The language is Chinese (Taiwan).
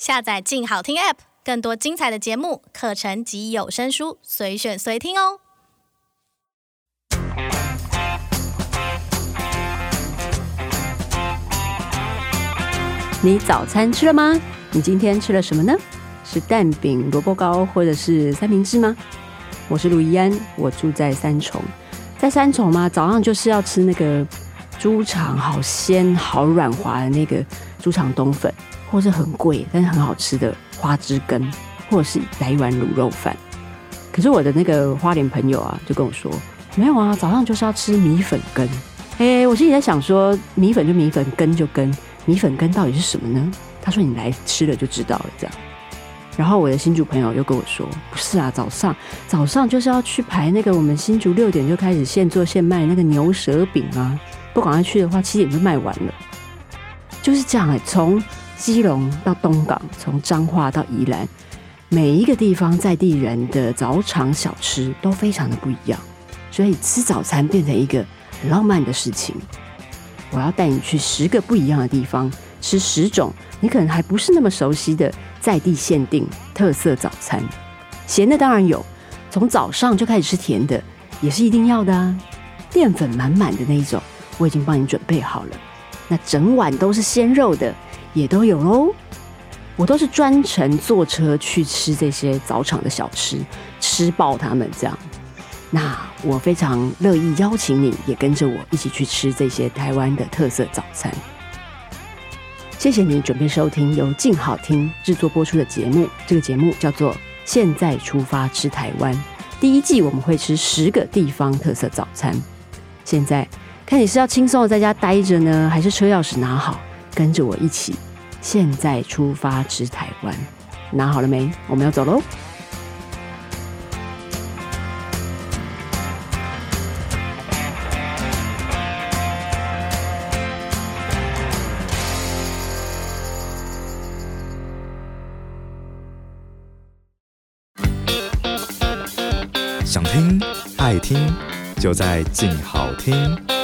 下載“靜好聽 ”App，更多精彩的節目、課程及有聲書，隨選隨聽哦。你早餐吃了嗎？你今天吃了什麼呢？是蛋餅、蘿蔔糕，或者是三明治嗎？我是盧怡安，我住在三重，在三重嘛，早上就是要吃那個豬腸，好鮮、好軟滑的那個豬腸冬粉。或是很貴，但是很好吃的花枝羹，或者是來一碗滷肉飯。可是我的那個花蓮朋友啊，就跟我說：“沒有啊，早上就是要吃米粉羹。”欸，我心裡在想說：“米粉就米粉，羹就羹，米粉羹到底是什麼呢？”他說：“你來吃了就知道了。”這樣。然後我的新竹朋友又跟我說：“不是啊，早上早上就是要去排那個我們新竹六點就開始現做現賣那個牛舌餅啊，不趕快去的話，七點就賣完了。”就是這樣欸，從。基隆到東港，從彰化到宜蘭，每一個地方在地人的早場小吃都非常的不一樣，所以吃早餐變成一個浪漫的事情。我要帶你去十個不一樣的地方吃十種，你可能還不是那麼熟悉的在地限定特色早餐。鹹的當然有，從早上就開始吃甜的也是一定要的啊，澱粉滿滿的那一種我已經幫你準備好了，那整碗都是鮮肉的。也都有哦，我都是專程坐車去吃這些早場的小吃，吃爆他們這樣。那我非常樂意邀請你，也跟着我一起去吃這些台灣的特色早餐。謝謝你準備收聽由靜好聽制作播出的節目，這個節目叫做《現在出發吃台灣》。第一季我們會吃十個地方特色早餐。現在看你是要輕鬆的在家待着呢，還是車鑰匙拿好，跟着我一起。現在出發吃台灣，拿好了沒？我們要走嘍！想聽愛聽，就在鏡好聽。